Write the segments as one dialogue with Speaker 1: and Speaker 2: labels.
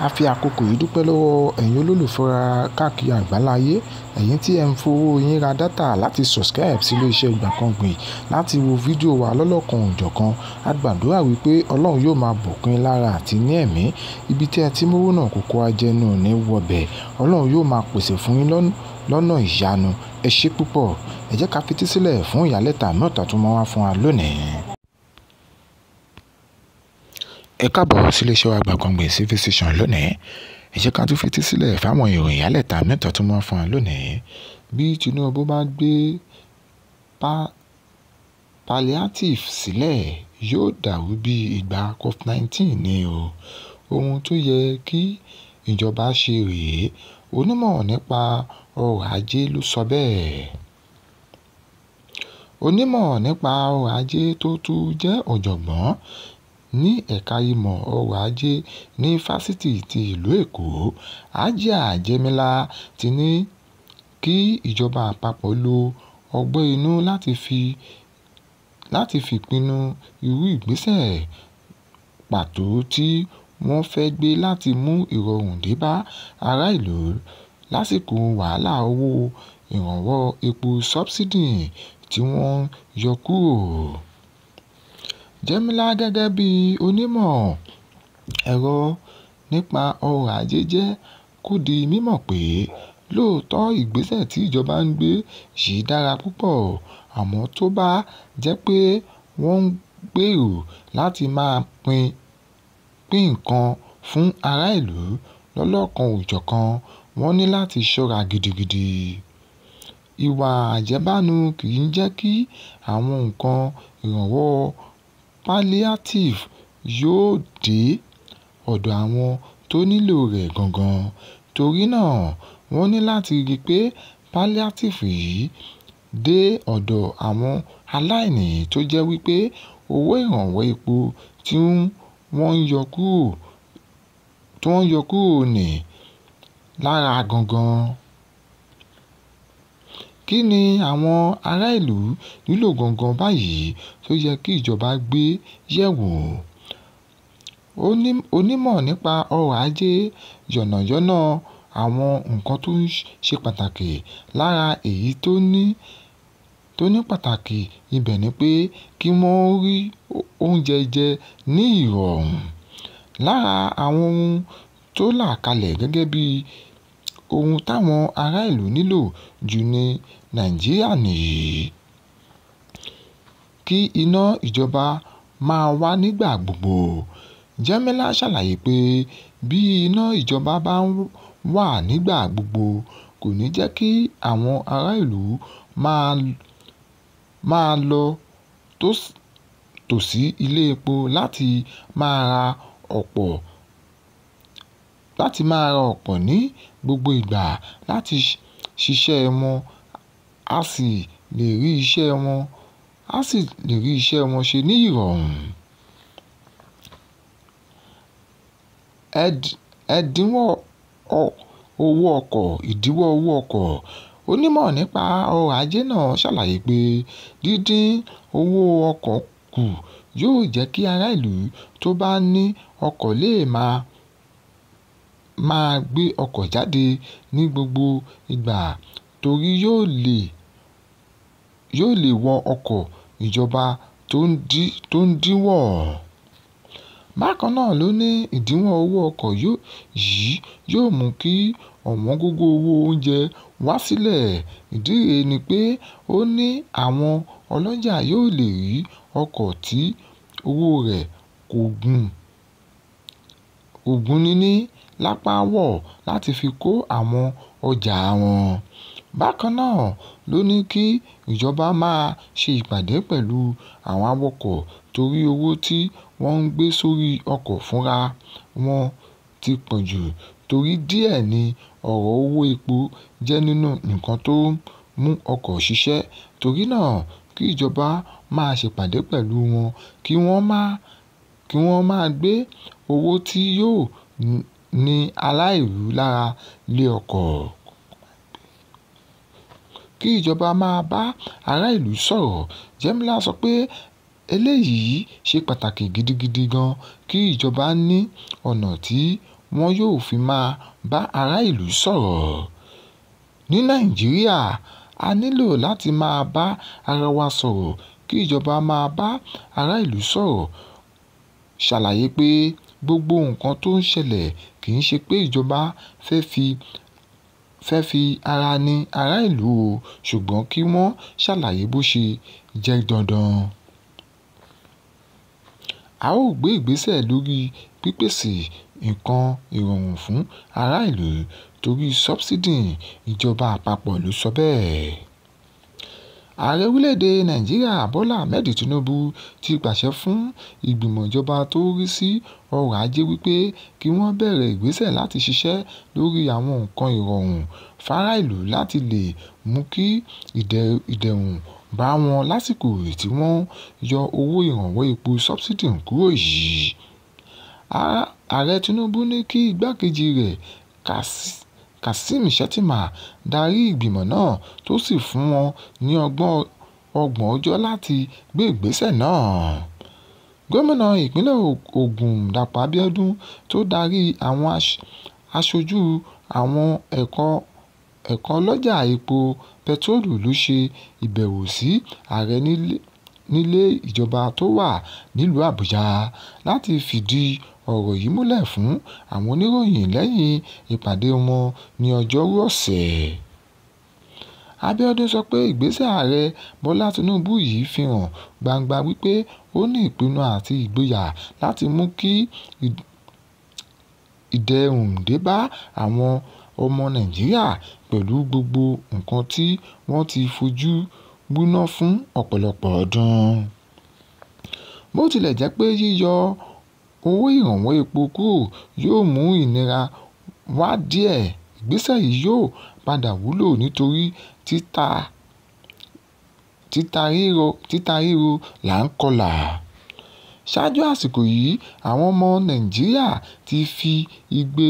Speaker 1: a fi àkókò yìí dúpẹ́ lọ́wọ́ ẹ̀yin olólùfẹ́ wa káàkiri àgbáláyé ẹ̀yin tí ẹ̀ ń fowó yín ra dátà láti subscribe sí iléeṣẹ́ Gbankanbi láti wo fídíò wa lọ́lọ́kan òjọ̀kan a gbàdúrà wípé ọlọ́run yóò máa bùkún lára àti ní ẹ̀mí ibi tí ẹ ti mówó náà kókó ajẹnu ní wọbẹ̀ ọlọ́run yóò máa pèsè fún yín lọ́nà ìyanu ẹ ṣé púpọ̀ ẹ jẹ́ ká fetí sílẹ̀ fún ìyálẹ́ta mẹ́ta tó máa wá fún wa lónìí ẹ káàbọ̀ síléeṣẹ́ wa Gbankanbi civil station lónìí ẹ jẹ́ ká tún fetí sílẹ̀ fáwọn ìròyìn alẹ́ta mẹ́ta tó máa fún wa lónìí bí Tinubu bá gbé palliative sílẹ̀ yóò dàrú bí ìgbà covid-19 ni o ohun tó yẹ kí ìjọba ṣe rèé onímọ̀ nípa ọrọ̀ ajé ló sọ bẹ́ẹ̀ onímọ̀ nípa ọrọ̀ ajé tó tún jẹ́ ọ̀jọ̀gbọ́n ní ẹ̀ka Ìmọ̀ Ọrọ̀ Ajé ní Fásitì ti ìlú Èkó, Hajiya Jamila ti ní kí ìjọba àpapọ̀ lo ọgbọ́n inú láti fi pinnu irú ìgbésẹ̀ pàtó tí wọ́n fẹ́ gbé láti mú ìrọ̀rùn dé bá ará ìlú lásìkò wàhálà owó ìrànwọ́ epo sọ́bsiìdì tí wọ́n yọ kúrò. Jemila gẹ́gẹ́ bí onímọ̀ ẹ̀rọ nípa ọrọ̀ ajé jẹ́ kó di mímọ̀ pé lóòótọ́ ìgbésẹ̀ tí ìjọba ń gbé yìí dára púpọ̀ àmọ́ tó bá jẹ́ pé wọ́n ń gbèrò láti máa pín nǹkan fún ará ìlú lọ́lọ́kan ò wọ́n ní láti ṣọ́ra gidigidi. Ìwà àjẹbánu kìí jẹ́ kí àwọn nǹkan ìrànwọ́ palliative yóò dé ọ̀dọ̀ àwọn tó nílò rẹ̀ gangan, torí náà wọ́n ní láti rí pé palliative yìí dé ọ̀dọ̀ àwọn aláìní tó jẹ́ wípé owó ìrànwọ́ epo tí wọ́n ń yọ kúrò ni lára gangan. Kí ni àwọn ará ìlú nílò gangan báyìí tí ó yẹ kí ìjọba gbé yẹ̀wò? Onímọ̀ nípa ọrọ̀ ajé yànnàná àwọn nǹkan tó ṣe pàtàkì. Lára èyí tó ní pàtàkì ibẹ̀ ni pé kí wọ́n rí oúnjẹ jẹ ní ìrọ̀rùn. Lára àwọn ohun tó là kalẹ̀ gẹ́gẹ́ bí Ohun táwọn ará ìlú nílò jù ní Nàìjíríà nìyí. Kí iná ìjọba máa wà nígbà gbogbo. Jẹ́mẹ́là ṣàlàyé pé bí iná ìjọba bá wà nígbà gbogbo kò ní jẹ́ kí àwọn ará ìlú máa lọ tòsí ilé epo láti máa ra ọ̀pọ̀ láti máa ra ọkọ̀ ní gbogbo ìgbà láti ṣiṣẹ́ wọn, a sì lè rí iṣẹ́ wọn ṣe ní ìrọ̀rùn. Ẹ̀dínwó owó ọkọ̀, ìdíwọ́ owó ọkọ̀. Onímọ̀ nípa ọrọ̀ ajé náà ṣàlàyé pé dídín owó ọkọ̀ kù yóò jẹ́ kí ará ìlú tó bá ní ọkọ̀ lè máa máa gbé ọkọ̀ jáde ní gbogbo ìgbà torí yóò lè wọ ọkọ̀ ìjọba tó ń dínwó. Bákan náà ló ní ìdínwó owó ọkọ̀ yìí yóò mú kí ọ̀wọ́ngógó owó oúnjẹ wá sílẹ̀. Ìdí rẹ̀ ni pé ó ní àwọn ọlọ́jà yóò lè rí ọkọ̀ tí owó rẹ̀ kò gùn níní lápá wọ̀ láti fi kó àwọn ọjà wọn. Bákan náà ló ní kí ìjọba máa ṣe ìpàdé pẹ̀lú àwọn awakọ̀ torí owó tí wọ́n ń gbé sórí ọkọ̀ fúnra wọn ti pọ̀jù torí díẹ̀ ni ọ̀rọ̀ owó epo jẹ́ nínú nǹkan tó mú ọkọ̀ ṣiṣẹ́. Torí náà kí ìjọba máa ṣèpàdé pẹ̀lú wọn kí wọ́n máa gbé owó tí yóò ní aláìrúlára lé ọkọ̀. Kí ìjọba máa bá ará ìlú sọ̀rọ̀, Jemila sọ pé eléyìí ṣe pàtàkì gidigidi gan kí ìjọba ní ọ̀nà tí wọn yóò fi máa bá ará ìlú sọ̀rọ̀. Ní Nàìjíríà, a nílò láti máa bá ara wa sọ̀rọ̀, kí ìjọba máa bá ará sọ̀rọ̀, ṣàlàyé pé gbogbo nǹkan tó ń ṣẹlẹ̀ Kìí ṣe pé ìjọba fẹ́ fi ara ni ará ìlú o, ṣùgbọ́n kí wọ́n ṣàlàyé bó ṣe jẹ́ dandan. A ó gbé ìgbésẹ̀ lórí pípèsè nǹkan ìrọ̀rùn fún ará ìlú torí sọ́bsìdì, ìjọba àpapọ̀ ló sọ bẹ́ẹ̀. Ààrẹ orílẹ̀-èdè Nàìjíríà Bọ́lá Ahmed Tinubu ti pàṣẹ fún ìgbìmọ̀ ìjọba tó ń rí sí ọrọ̀ ajé wípé kí wọ́n bẹ̀rẹ̀ ìgbésẹ̀ láti ṣiṣẹ́ lórí àwọn nǹkan ìrọ̀rùn fáráà ìlú láti lè mú kí ìdẹ̀rùn bá wọn lásìkò tí wọ́n ń yọ owó ìrànwọ́ epo sọ́bsìdì kúrò yìí. Ààrẹ Tinubu ní kí igbákejì rẹ̀, Kaz Kassim Shettima darí ìgbìmọ̀ náà tó sì fún wọn ní ọgbọ̀n ọjọ́ láti gbé ìgbésẹ̀ náà. Gómìnà ìpínlẹ̀ Ògùn Dàpọ̀ Abiodun tó darí àwọn aṣojú àwọn ẹ̀ka ọlọ́jà epo bẹntiróòlù ló ṣe ìbẹ̀wò sí ààrẹ nílé ìjọba tó wà nílùú Àbújá láti fìdí ọ̀rọ̀ yìí múlẹ̀ fún àwọn oníròyìn lẹ́yìn ìpàdé wọn ní ọjọ́rú ọ̀sẹ̀. Abiodun sọ pé ìgbésẹ̀ Ààrẹ Bọ́lá Tinubu yìí fi hàn gbangba wípé ó ní ìpinnu àti ìgboyà láti mú kí ìdẹ̀rùn dé bá àwọn ọmọ Nàìjíríà pẹ̀lú gbogbo nǹkan tí wọ́n ti fojú winá fún ọ̀pọ̀lọpọ̀ ọdún. Bó tilẹ̀ jẹ́ pé yíyọ owó ìrànwọ́ epo kúrò yóò mú ìnira wá díẹ̀, ìgbésẹ̀ yìí yóò padà wúlò nítorí títa rírọ là ń kọlà. Ṣáájú àsìkò yìí, àwọn ọmọ Nàìjíríà ti fi igbe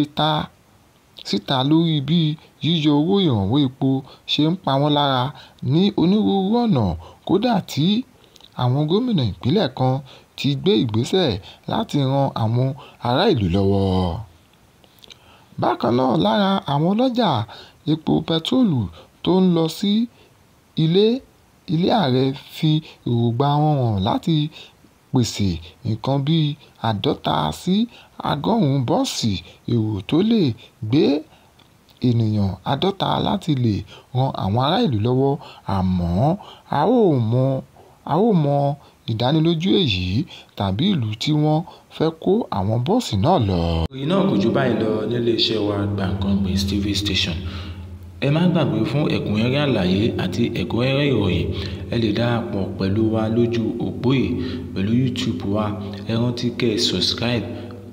Speaker 1: síta lórí bí yíyọ owó ìrànwọ́ epo ṣe ń pa wọ́n lára ní onírúurú ọ̀nà kódà tí àwọn gómìnà ìpínlẹ̀ kan ti gbé ìgbésẹ̀ láti ran àwọn ará ìlú lọ́wọ́. Bákan náà lára àwọn ọlọ́jà epo bẹntiróòlù tó ń lọ sí ilé ààrẹ fi èròńgbà wọn hàn láti pèsè nǹkan bí àádọ́ta sí ọgọ́rùn-ún bọ́ọ̀sì èrò tó lè gbé ènìyàn àádọ́ta láti lè ran àwọn ará ìlú lọ́wọ́ àmọ́ a ò mọ Ìdánilójú èyí tàbí ìlú tí wọ́n fẹ́ kó àwọn bọ́ọ̀sì náà lọ. Ìròyìn náà
Speaker 2: kò jù báyìí lọ nílé iṣẹ́ wa Gbankanbi TV station. Ẹ má gbàgbé fún ẹ̀kúnrẹ́rẹ́ àlàyé àti ẹ̀kúnrẹ́rẹ́ ìròyìn, ẹ lè darapọ̀ pẹ̀lú wa lójú òpó yìí pẹ̀lú YouTube wa. Ẹ rántí kí ẹ subscribe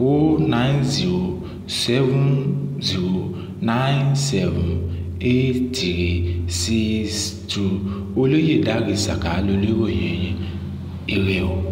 Speaker 2: o nine zero seven zero nine seven eight three six two olóyè dáre ṣàká lolóròyìn yín ire o.